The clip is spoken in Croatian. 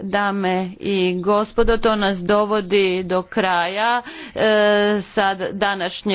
Dame i gospodo, to nas dovodi do kraja e, sad današnje